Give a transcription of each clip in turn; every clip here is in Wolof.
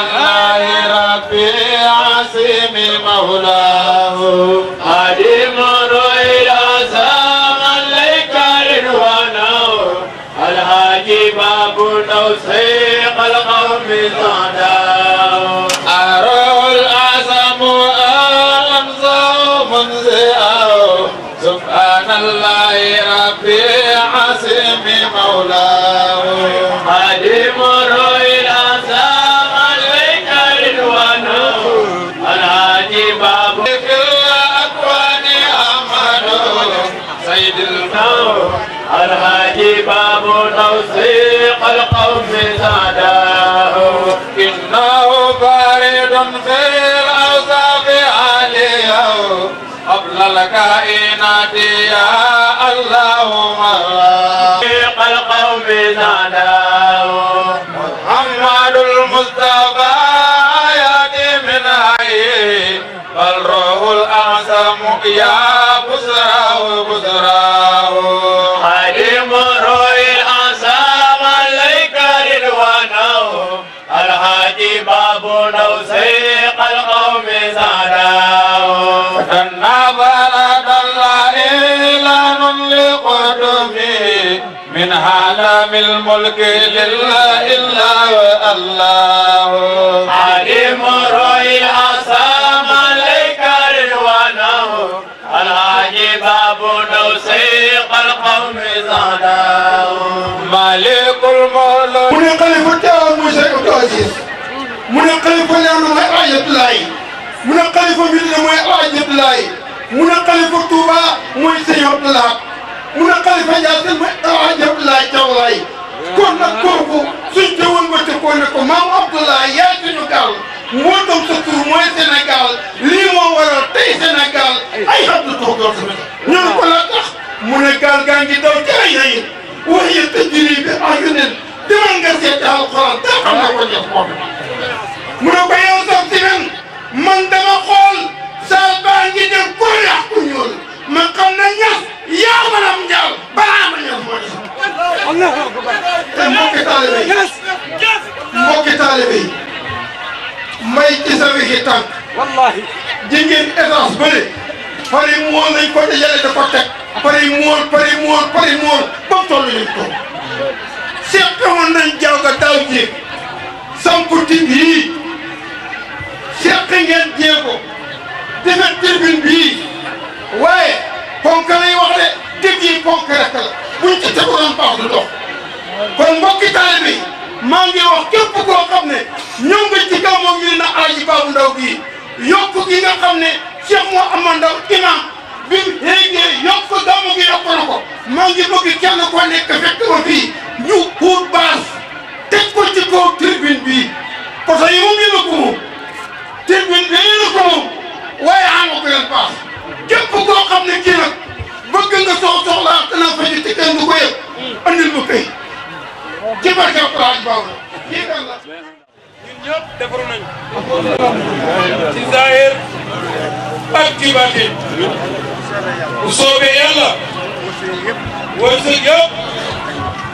الله ربي عاصم مولاه إلى زمن باب توثيق القوم صداه الأعظم منزئه سبحان الله ربي عاصم مولاه توثيق القوم زاداه إنه بارد في الأوصاف عاليه قبل الكائنات يا الله توثيق القوم زاداه محمد المصطفى يأتي من عين فالروح الأعظم يا توثيق القوم زادوا فتنا بلد الله إلا نملك فيه من عالم الملك لله إلا الله عليم روي العصام عليك رضوانه العجيب أبو توثيق القوم زادوا مالك المولى ونقل فتاة mu ne xalifa Leona mooy Alaaji Abdoulaye mu ne xalifa Medina mooy Alaaji Abdoulaye mu ne xalifa Touba mooy Sëñ mu ne xalifa Ndiassane mooy Alaaji Abdoulaye Thiaw Laye kon nag kooku suñ te woon ba ko ko maam Abdoulaye yaay suñu gaal moo doon sa tur mooy Sénégal lii moo tey Sénégal ay Abdou Tour doon sa ko la tax mu ne gaal gaa ngi daw ci ay wax yi tajri bi ayunin demal nga seet alxuraan te xam na ko ñëpp mu ne ko si man man dama xool saal baa ngi dem koo ku ñuul ma xam na ñas yaa maram njaal balaa ma ñëw moo def. mbokki taalibe yi mbokki taalibe yi may ci sa wiki tànk wallaahi jigéen étage bële pari mool lañ ko dajale da ko teg pari mool pari mool pari mool ba mu toll nii seet woon nañ jaww ga daaw jéeg sampu tig yii seet ngeen jéego defar tribune bii waaye ponk lay wax de dëgg buñ ci teguloon baax kon mbokki taalibe bi maa ngi wax képp koo xam ne ñëw nga ci kaw moom ñu ne na Alaaji gi nga xam ne Cheikh Mouhamad Ndaw imam bi mu yéegee yokk gàmmu gi yokk na ko maa ngi ñu xuut baas teg ko ci kaw tribune bi poto yi moom yéen a ko moom tribune bi yéen a ko moom waaye ànd ko leen paas ne kii nag bëgg nga sox soxlaa danaa faj a tëjee nga ko yëg andil ma kay ci barke Alxuraan boobu kii kan ak ci baatin bu soobee yàlla wërsëg yëpp.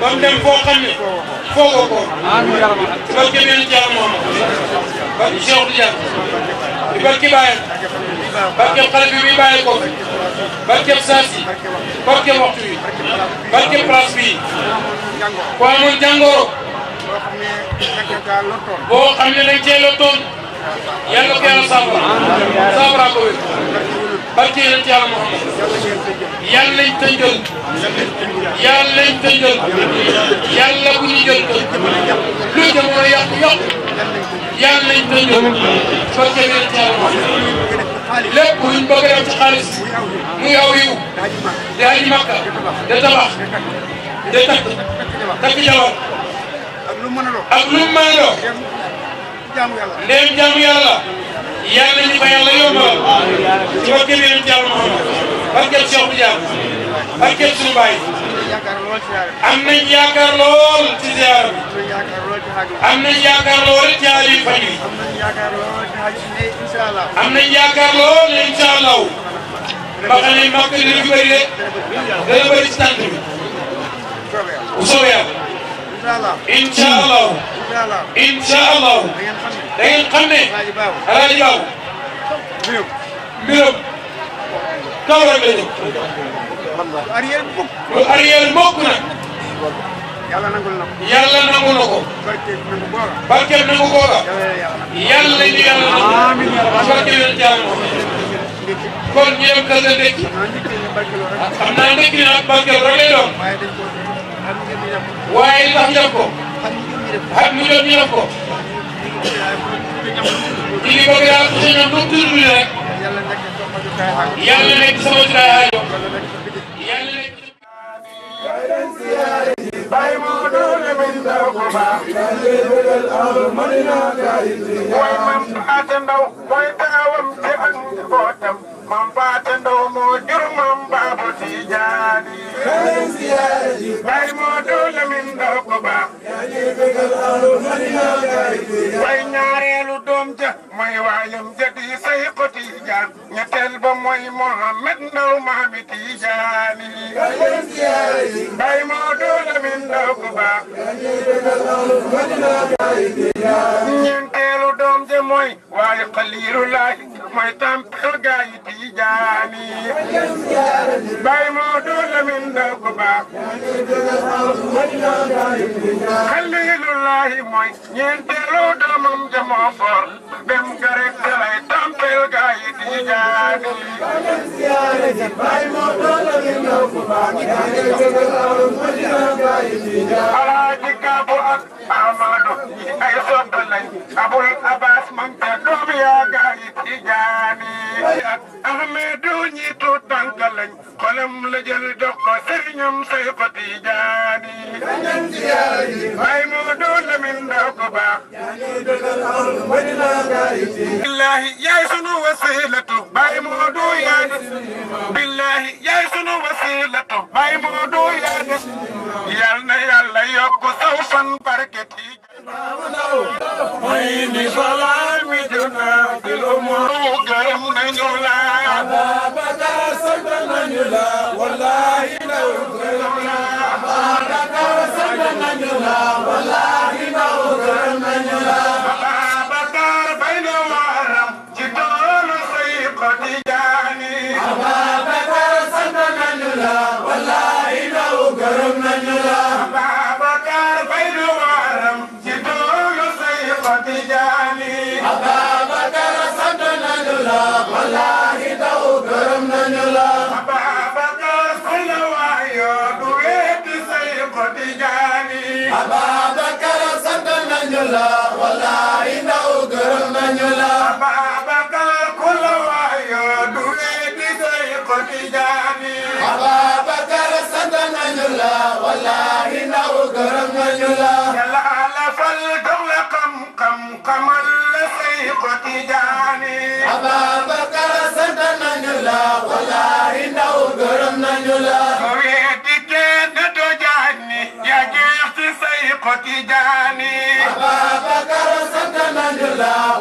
ba mu dem foo xam ne foogoo ko ba kéeméer Diallo moomu ba Cheikh Tidiane ba Kibaye ba képp xale bi muy bàyyi ko ba képp saasi ba képp waxtu bi ba képp place bi ku amoon jàngoro boo xam ne dañ cee lottoon yàlla ko yàlla saafara saafara ko wér. barke yonent yàlla Muhammad yàlla nañ tëj jël yàlla nañ tëj jël yàlla bu ñu jël lu jamono yàqu yàqu yàlla nañ tëj jël barke yonent yàlla Muhammad lépp luñ a def ci xaalis muy aw yiw da aji màkka da tabax da takk takk jabar ak lu mu mën a jaamu yàlla yàlla ñu fa yàlla yombal ci barkeel yéen a jàll Mouhamad barkeel Cheikh Tidiane barkeel suñu baay am nañ yaakaar lool ci ziar bi am nañ yaakaar lool ci Aliou Faj bi am nañ yaakaar lool incha allah ba xam ne mag dina fi bëri de dana bëri ci tànk bi bu soobee yàlla incha allah incha allah da ngeen xam ne da ngeen xam ne El Hadj Babou mbiram kaw rek la mukk. lu arrière mukk nag. yàlla nangul na ko. yàlla nangul na ko. barkeeb nangu booga. barkeeb nangu booga. yàlla ñu yàlla nangu. ndekki. xam naa ndekki nag barkeeb rek waaye tax def ko. ak mu jot ñu li bëgg daal ku si ñoom rek. yàlla nekk sama jotaay aajo. yàlla nekk sama jotaay aajo. yàlla nekk sama jotaay aajo. mam Paate Ndaw moo jur mam Baaba ko baax bay moo doo Lamin Ndaw ko baax mooy waaye xaliilu laay mooy tampel gaa tiijaani bàyyi moo doon la min daw ko baax xaliilu laay mooy ñeenteelu doomam jamoo for bem garek dalay xel gaa yi di ñu jaar di. alaaji Kaabu ak Amadou ay soppe lañ abul abbas man ca doom yaa gaa yi di jaani. Ahmedou ñi tuut tànk lañ xolam la jël dox ko sëriñam say xoti jaani. dañu ci waaye moo doon lamin ndaw ko baax. billahi yaay sunu wasilatu bàyyi moo doo yaa des. billahi yaay sunu wasilatu bàyyi moo doo yaa des. yal na yàlla yokk saw fan barke mooy ni salaat mi duna di lu mu gërëm nañu la Ababakar sant nañu la wallaahi law gërëm la Ababakar sant nañu la wallaahi Ababacar sant nañu la wallaahi daw gërëm nañu la Tijaani Ababakar sant nañu la wallaahi ndaw gërëm nañu la weeti kenn du jaani yaa jeex ci say ko Tijaani Ababakar sant nañu la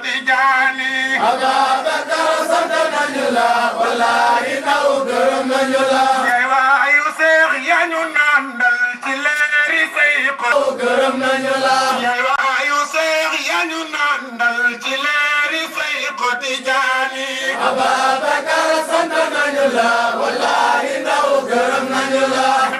بجاني أبا بكر صدق نجلا والله نوكر نجلا يوا يسيغ ينونان بالتلاري سيق نوكر نجلا يوا يسيغ ينونان بالتلاري سيق تجاني أبا بكر صدق نجلا والله نوكر نجلا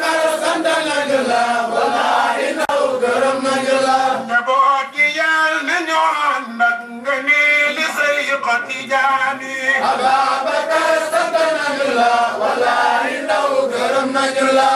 tijaani Abaa Bakar sant nañu la wallaahi ndaw gërëm nañu la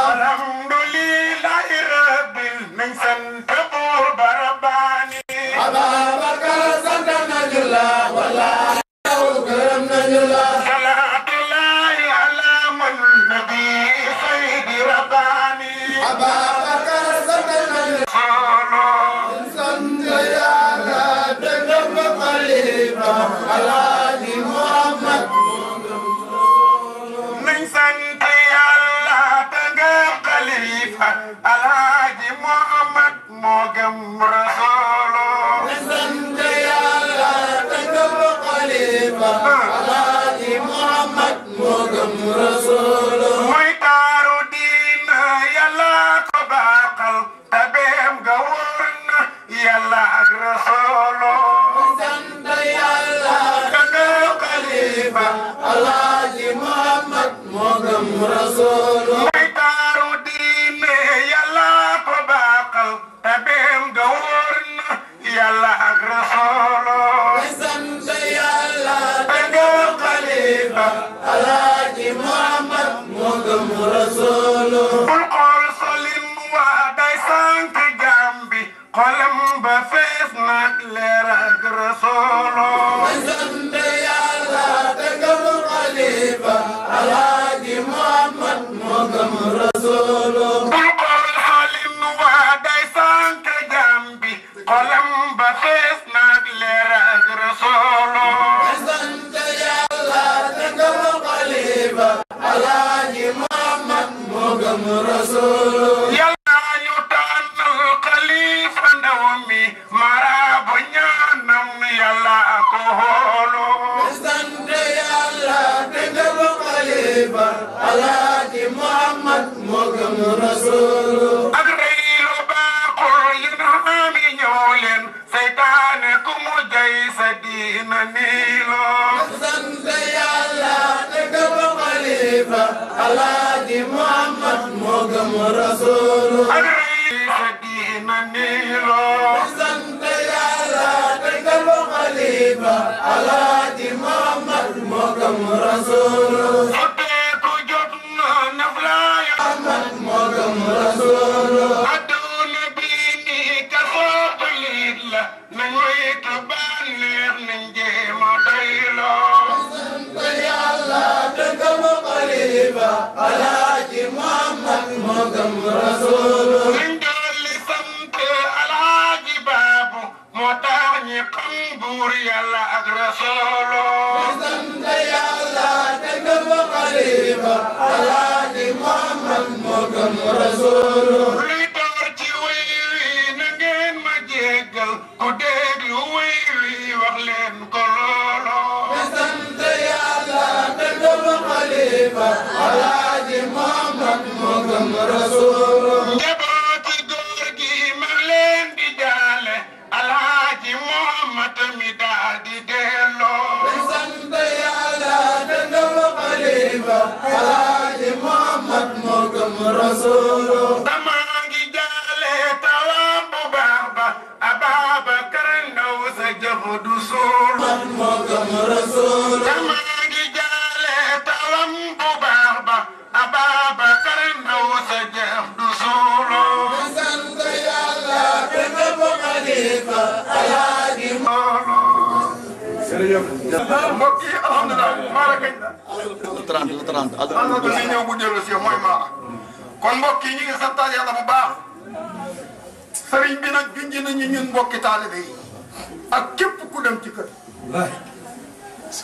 xolam ba fees na leer ak rasoolo may sant yàlla te gëm xalifa alaaji muhammad moo gëm rasoolo Allah di Muhammad moo Rasul ala ni Muhammad moo gën Rasul solo damaa ngi jaale tawam bu baax ba Ababacar Ndaw sa jëf du suul man moo gëm rasul damaa ngi jaale tawam bu baax ba Ababacar Ndaw sa jëf du suul ma sant yàlla te nëbb xalifa alaaji mbokk yi alhamdulilah maa la kañ la 30 la 30 alhamdulilah ñëw bu dellu si mooy maa kon mbokk yi ñu ngi santaat yàlla bu baax sëriñ bi nag junj nañu ñun mbokki taalibe yi ak képp ku dem ci kër.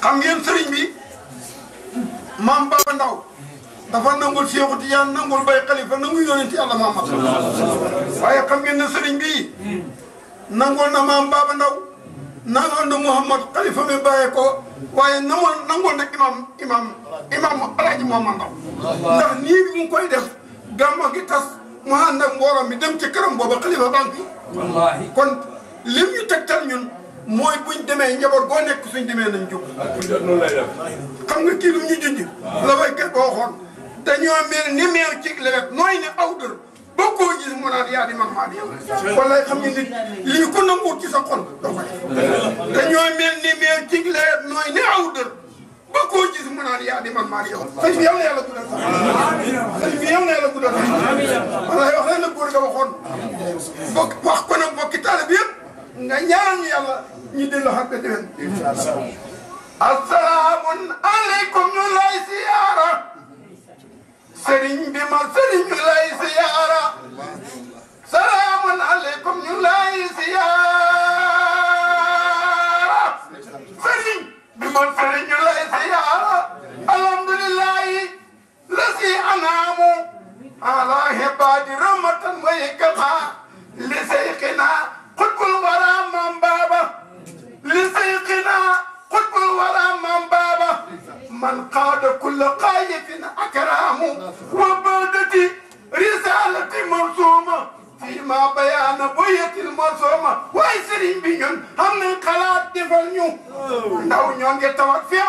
xam ngeen sëriñ bi maam Baba Ndaw dafa nangul Seexu Tijaan nangul bay xalifa nangul yonenti yàlla Muhammad waaye xam ngeen ne sëriñ bi nangul na maam Baba Ndaw nangul na Muhammad xalifa mi bàyyee ko waaye nangul nangul na imam imam imam Alaaji Muhammad Ndaw ndax nii bi mu koy def gàmmo gi tas mu ànd ak mbooloo mi dem ci këram booba xalifa banque bi kon lim ñu tegtal ñun mooy buñ demee njaboot goo nekk suñ demee nañ jub xam nga kii ñu junj ah. la baykat boo waxoon dañoo ni meew ci lewet nooy ne aw dër boo di man maa di yow wallaay xam nga nit lii ko def ni ci lewet nooy aw dër ba koo gis mu naan yaa di man maa ngi yow. sëñ bi yow na yàlla guddal sax. sëñ bi yow na yàlla guddal sax. wallaahi wax leen la góor ga waxoon. bokk wax ko nag mbokki taale bi yëpp. nga ñaan yàlla ñu delloo xam nga déwén. asalaamualeykum ñu lay siyaara. sëriñ bi ma sëriñ ñu lay siyaara. salaamualeykum ñu lay siyaara. sëriñ bi ma sëriñ ñu الأنعام على عباد رمة ويكفى لسيقنا قطب الورى من بابه لسيقنا قطب الورى من بابه من قاد كل قايف أكرام وبلدتي رسالتي مرسومة فيما بيان بوية المرسومة ويسرين بيون هم من قلات دفن يو نو نيون يتوقف في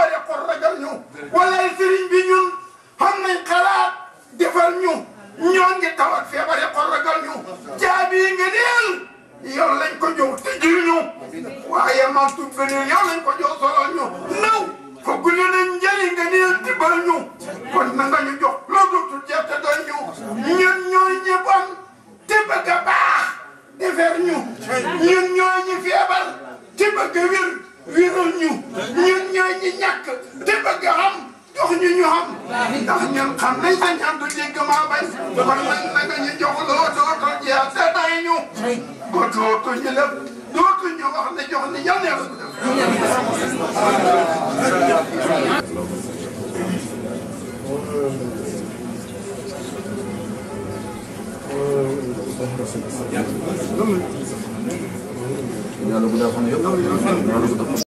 ñun ñooy ñi feebar te bëgg wér wéral ñu ñun ñooy ñi ñàkk te bëgg xam jox ñu ñu xam ndax ñun xam nañ sa ñaan du dégg maa bañ kon nag naka ñu jox loo dooto jeex te day ñu ko dootu ñu lépp dootu ñu wax ne jox ni yàlla yàlla ko def Thank you. Diálogo da União.